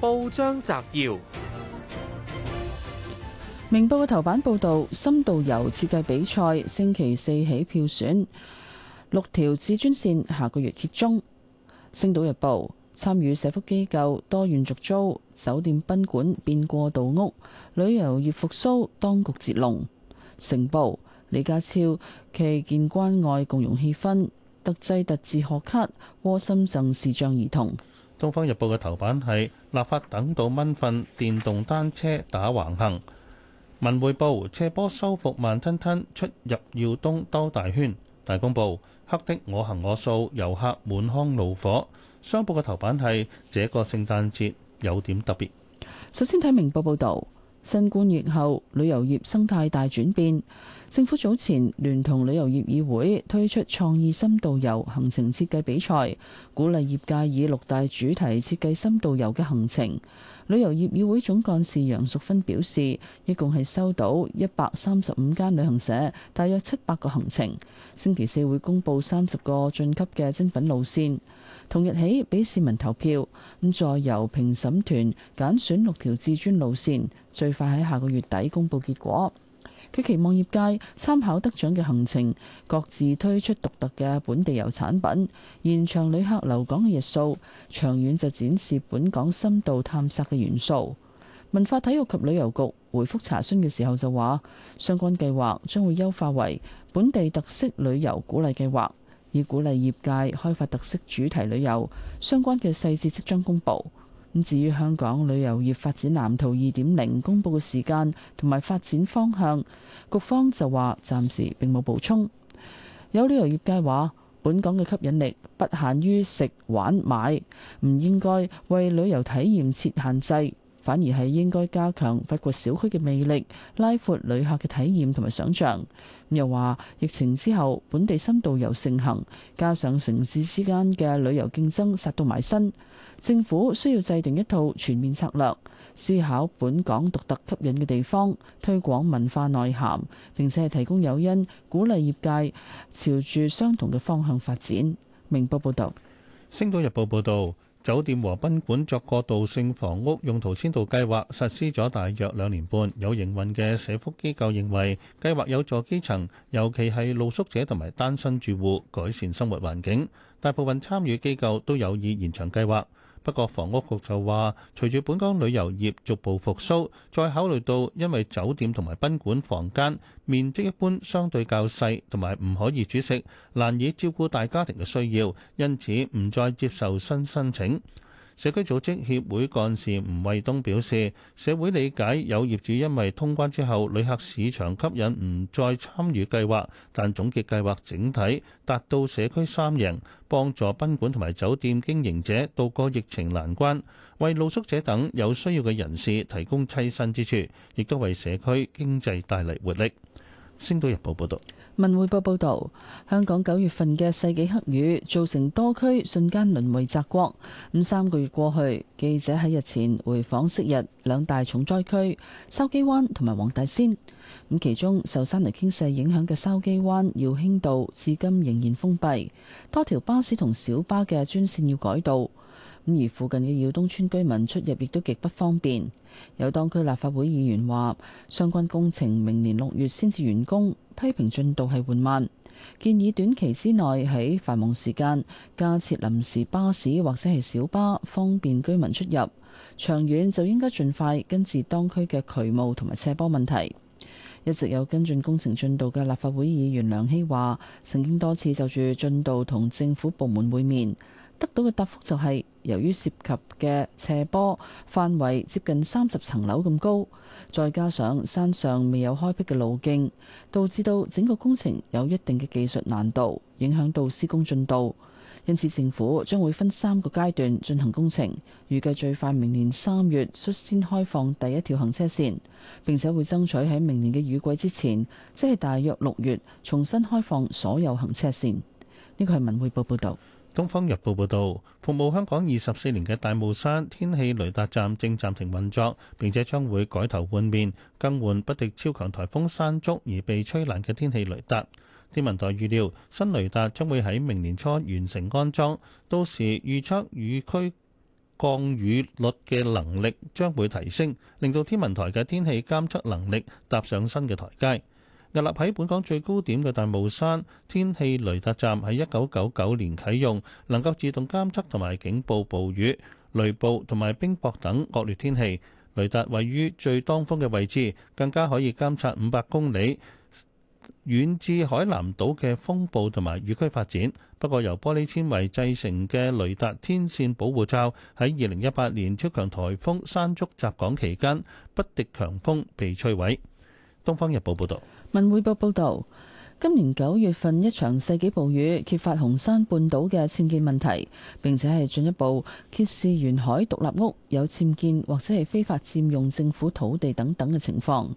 報章摘要：明報嘅頭版報道，深度遊設計比賽星期四起票選，六條至尊線下個月揭盅。星島日報，參與社福機構多元續租酒店賓館變過渡屋，旅遊業復甦當局截龍。成報，李家超冀建關愛共融氣氛，特製特字學卡窩心贈視障兒童。《東方日報》嘅頭版係立法等到蚊瞓，電動單車打橫行；《文匯報》斜坡修復慢吞吞，出入耀東兜大圈；《大公報》黑的我行我素，遊客滿腔怒火。商報嘅頭版係這個聖誕節有點特別。首先睇明報報道。新冠疫後，旅遊業生態大轉變。政府早前聯同旅遊業議會推出創意深度遊行程設計比賽，鼓勵業界以六大主題設計深度遊嘅行程。旅遊業議會總幹事楊淑芬表示，一共係收到一百三十五間旅行社，大約七百個行程。星期四會公佈三十個晉級嘅精品路線。同日起俾市民投票，咁再由評審團揀選六條至尊路線，最快喺下個月底公布結果。佢期望業界參考得獎嘅行程，各自推出獨特嘅本地遊產品，延長旅客留港嘅日數，長遠就展示本港深度探索嘅元素。文化體育及旅遊局回覆查詢嘅時候就話，相關計劃將會優化為本地特色旅遊鼓勵計劃。以鼓勵業界開發特色主題旅遊，相關嘅細節即將公布。咁至於香港旅遊業發展藍圖二點零公布嘅時間同埋發展方向，局方就話暫時並冇補充。有旅遊業界話，本港嘅吸引力不限於食玩買，唔應該為旅遊體驗設限制。反而係應該加強法國小區嘅魅力，拉闊旅客嘅體驗同埋想像。咁又話疫情之後，本地深度遊盛行，加上城市之間嘅旅遊競爭殺到埋身，政府需要制定一套全面策略，思考本港獨特吸引嘅地方，推廣文化內涵，並且係提供誘因，鼓勵業界朝住相同嘅方向發展。明報報導，《星島日報》報導。酒店和賓館作過渡性房屋用途先導計劃實施咗大約兩年半，有營運嘅社福機構認為計劃有助基層，尤其係露宿者同埋單身住戶改善生活環境。大部分參與機構都有意延長計劃。不過，房屋局就話，隨住本港旅遊業逐步復甦，再考慮到因為酒店同埋賓館房間面積一般相對較細，同埋唔可以煮食，難以照顧大家庭嘅需要，因此唔再接受新申請。社區組織協會幹事吳慧東表示，社會理解有業主因為通關之後旅客市場吸引，唔再參與計劃。但總結計劃整體達到社區三贏，幫助賓館同埋酒店經營者渡過疫情難關，為露宿者等有需要嘅人士提供棲身之處，亦都為社區經濟帶嚟活力。星島日報報道，文匯報報道，香港九月份嘅世紀黑雨造成多區瞬間淪為澤國。咁三個月過去，記者喺日前回訪昔日兩大重災區筲箕灣同埋黃大仙。咁其中受山泥傾瀉影響嘅筲箕灣耀興道至今仍然封閉，多條巴士同小巴嘅專線要改道。而附近嘅耀東村居民出入亦都極不方便。有當區立法會議員話相關工程明年六月先至完工，批評進度係緩慢，建議短期之內喺繁忙時間加設臨時巴士或者係小巴，方便居民出入。長遠就應該盡快根治當區嘅渠務同埋斜坡問題，一直有跟進工程進度嘅立法會議員梁希話：曾經多次就住進度同政府部門會面。得到嘅答覆就係由於涉及嘅斜坡範圍接近三十層樓咁高，再加上山上未有開辟嘅路徑，導致到整個工程有一定嘅技術難度，影響到施工進度。因此，政府將會分三個階段進行工程，預計最快明年三月率先開放第一條行車線，並且會爭取喺明年嘅雨季之前，即係大約六月重新開放所有行車線，呢個係文匯報報道。《東方日報》報道，服務香港二十四年嘅大霧山天氣雷達站正暫停運作，並且將會改頭換面，更換不敵超強颱風山竹而被吹爛嘅天氣雷達。天文台預料，新雷達將會喺明年初完成安裝，到時預測雨區降雨率嘅能力將會提升，令到天文台嘅天氣監測能力踏上新嘅台階。屹立喺本港最高點嘅大帽山天氣雷達站喺一九九九年啟用，能夠自動監測同埋警報暴，暴雨、雷暴同埋冰雹等惡劣天氣。雷達位於最當風嘅位置，更加可以監測五百公里遠至海南島嘅風暴同埋雨區發展。不過，由玻璃纖維製成嘅雷達天綫保護罩喺二零一八年超強颱風山竹襲港期間，不敵強風被摧毀。東方日報報道。文匯報報道，今年九月份，一場世紀暴雨揭發紅山半島嘅僭建問題，並且係進一步揭示沿海獨立屋有僭建或者係非法佔用政府土地等等嘅情況。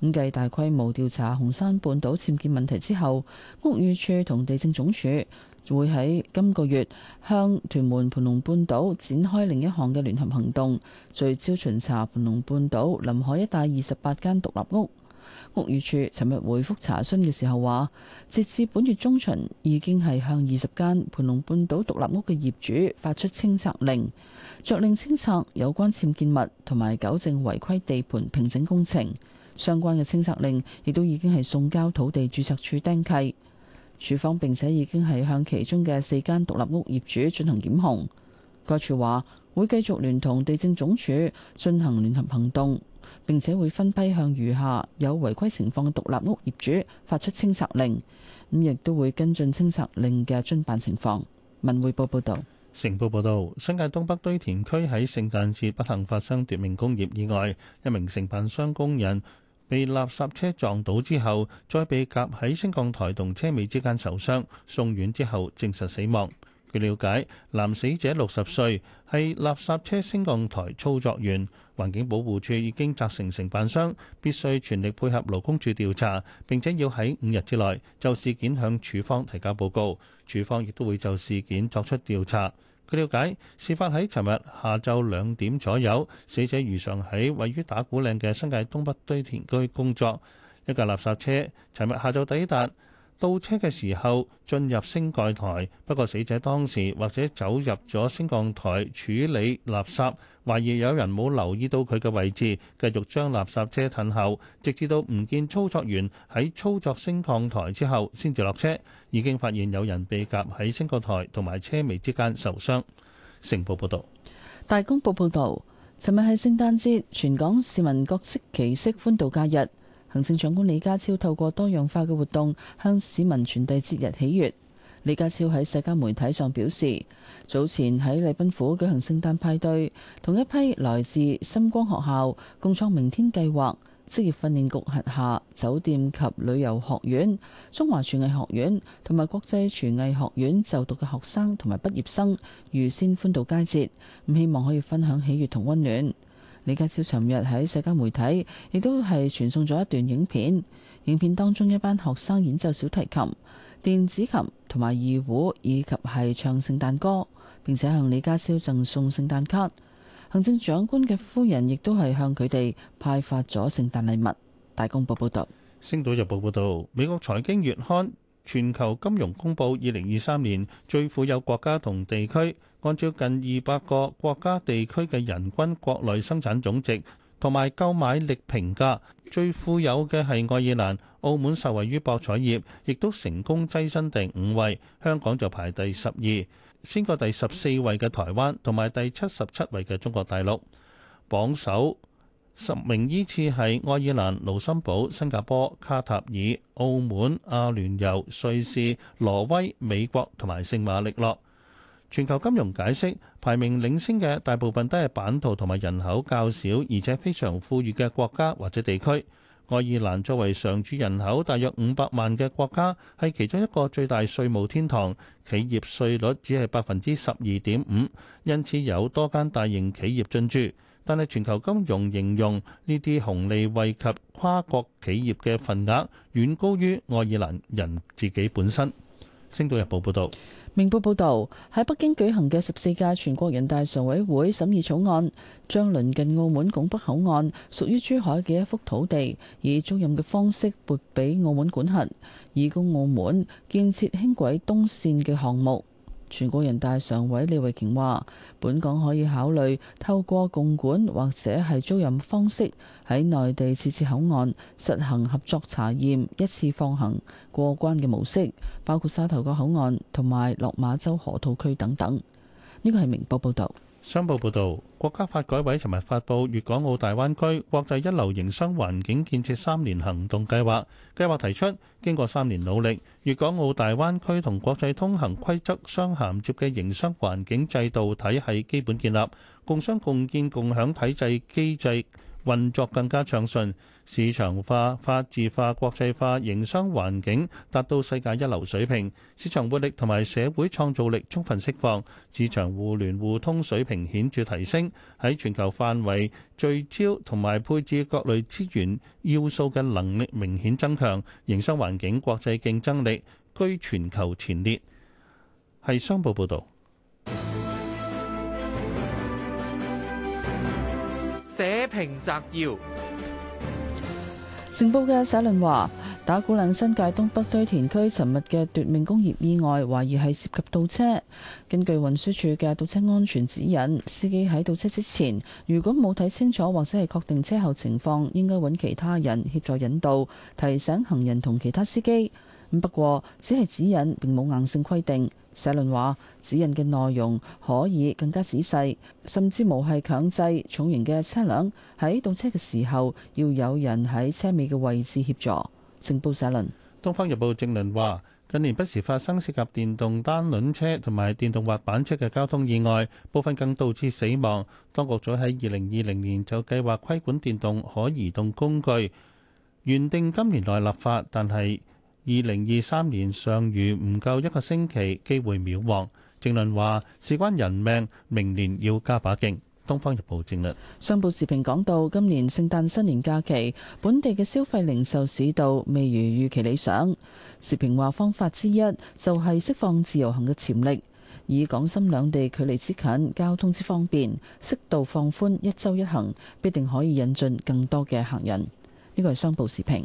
咁繼大規模調查紅山半島僭建問題之後，屋宇署同地政總署會喺今個月向屯門盤龍半島展開另一項嘅聯合行動，聚焦巡查盤龍半島臨海一帶二十八間獨立屋。屋宇署尋日回複查詢嘅時候話，截至本月中旬，已經係向二十間盤龍半島獨立屋嘅業主發出清拆令，着令清拆有關僭建物同埋糾正違規地盤平整工程。相關嘅清拆令亦都已經係送交土地注冊處釘契。署方並且已經係向其中嘅四間獨立屋業主進行檢控。該署話會繼續聯同地政總署進行聯合行動。並且會分批向餘下有違規情況嘅獨立屋業主發出清拆令，咁亦都會跟進清拆令嘅遵辦情況。文匯報報道：「成報報道，新界東北堆填區喺聖誕節不幸發生奪命工業意外，一名承辦商工人被垃圾車撞倒之後，再被夾喺升降台同車尾之間受傷，送院之後證實死亡。據了解，男死者六十歲，係垃圾車升降台操作員。環境保護處已經責成承辦商必須全力配合勞工處調查，並且要喺五日之內就事件向處方提交報告。處方亦都會就事件作出調查。據了解，事發喺尋日下晝兩點左右，死者如常喺位於打鼓嶺嘅新界東北堆填區工作。一架垃圾車尋日下晝抵達。倒車嘅時候進入升降台，不過死者當時或者走入咗升降台處理垃圾，懷疑有人冇留意到佢嘅位置，繼續將垃圾車褪後，直至到唔見操作員喺操作升降台之後，先至落車。已經發現有人被夾喺升降台同埋車尾之間受傷。成報報道：「大公報報道，尋日係聖誕節，全港市民各適其適歡度假日。行政長官李家超透過多樣化嘅活動向市民傳遞節日喜悅。李家超喺社交媒體上表示，早前喺禮賓府舉行聖誕派對，同一批來自深光學校、共創明天計劃、職業訓練局轄下酒店及旅遊學院、中華廚藝學院同埋國際廚藝學院就讀嘅學生同埋畢業生，預先歡度佳節，咁希望可以分享喜悅同溫暖。李家超尋日喺社交媒體亦都係傳送咗一段影片，影片當中一班學生演奏小提琴、電子琴同埋二胡，以及係唱聖誕歌，並且向李家超贈送聖誕卡。行政長官嘅夫人亦都係向佢哋派發咗聖誕禮物。《大公報》報道，《星島日報》報道，《美國財經月刊》。全球金融公布二零二三年最富有國家同地區，按照近二百個國家地區嘅人均國內生產總值同埋購買力評價，最富有嘅係愛爾蘭、澳門，受惠於博彩業，亦都成功躋身第五位。香港就排第十二，先過第十四位嘅台灣同埋第七十七位嘅中國大陸，榜首。十名依次係愛爾蘭、盧森堡、新加坡、卡塔爾、澳門、阿聯酋、瑞士、挪威、美國同埋聖馬力諾。全球金融解釋，排名領先嘅大部分都係版圖同埋人口較少，而且非常富裕嘅國家或者地區。愛爾蘭作為常住人口大約五百萬嘅國家，係其中一個最大稅務天堂，企業稅率只係百分之十二點五，因此有多間大型企業進駐。但係全球金融形容呢啲紅利惠及跨國企業嘅份額，遠高於愛爾蘭人自己本身。星島日報報道：「明報報道，喺北京舉行嘅十四屆全國人大常委會審議草案，將鄰近澳門拱北口岸屬於珠海嘅一幅土地，以租賃嘅方式撥俾澳門管轄，以供澳門建設輕軌東線嘅項目。全國人大常委李慧瓊話：本港可以考慮透過共管或者係租賃方式，喺內地設置口岸，實行合作查驗、一次放行過關嘅模式，包括沙頭角口岸同埋落馬洲河套區等等。呢個係明報報導。商報報道，國家發改委尋日發布《粵港澳大灣區國際一流營商環境建設三年行動計劃》。計劃提出，經過三年努力，粵港澳大灣區同國際通行規則相銜接嘅營商環境制度體系基本建立，共商共建共享體制機制。運作更加暢順，市場化、法治化、國際化營商環境達到世界一流水平，市場活力同埋社會創造力充分釋放，市場互聯互通水平顯著提升，喺全球範圍聚焦同埋配置各類資源要素嘅能力明顯增強，營商環境國際競爭力居全球前列。係商報報道。社評摘要，成報嘅社論話，打鼓嶺新界東北堆填區尋日嘅奪命工業意外，懷疑係涉及倒車。根據運輸署嘅倒車安全指引，司機喺倒車之前，如果冇睇清楚或者係確定車後情況，應該揾其他人協助引導，提醒行人同其他司機。不過只係指引，並冇硬性規定。社論話指引嘅內容可以更加仔細，甚至無係強制重型嘅車輛喺倒車嘅時候要有人喺車尾嘅位置協助。正報社論，《東方日報》正論話近年不時發生涉及電動單輪車同埋電動滑板車嘅交通意外，部分更導致死亡。當局早喺二零二零年就計劃規管電動可移動工具，原定今年內立法，但係，二零二三年尚餘唔夠一個星期，機會渺茫。政論話事關人命，明年要加把勁。《東方日報》正論商報時評講到，今年聖誕新年假期，本地嘅消費零售市道未如預期理想。時評話方法之一就係釋放自由行嘅潛力，以港深兩地距離之近、交通之方便，適度放寬一週一行，必定可以引進更多嘅客人。呢個係商報時評。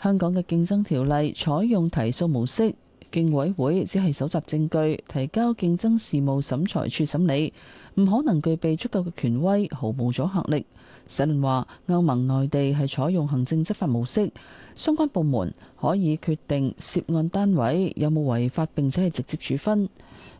香港嘅競爭條例採用提訴模式，競委會只係搜集證據，提交競爭事務審裁處審理，唔可能具備足夠嘅權威，毫無阻嚇力。社論話歐盟內地係採用行政執法模式，相關部門可以決定涉案單位有冇違法並且係直接處分，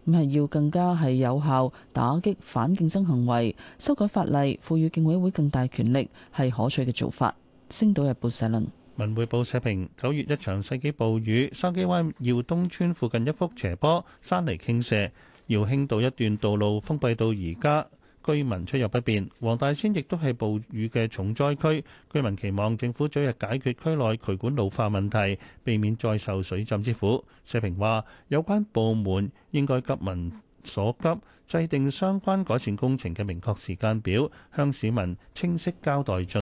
唔係要更加係有效打擊反競爭行為。修改法例，賦予競委會更大權力係可取嘅做法。星島日報社論。文匯報社評：九月一場世紀暴雨，筲箕灣耀東村附近一幅斜坡山泥傾瀉，耀興道一段道路封閉到而家，居民出入不便。黃大仙亦都係暴雨嘅重災區，居民期望政府早日解決區內渠管老化問題，避免再受水浸之苦。社評話：有關部門應該急民所急，制定相關改善工程嘅明確時間表，向市民清晰交代進。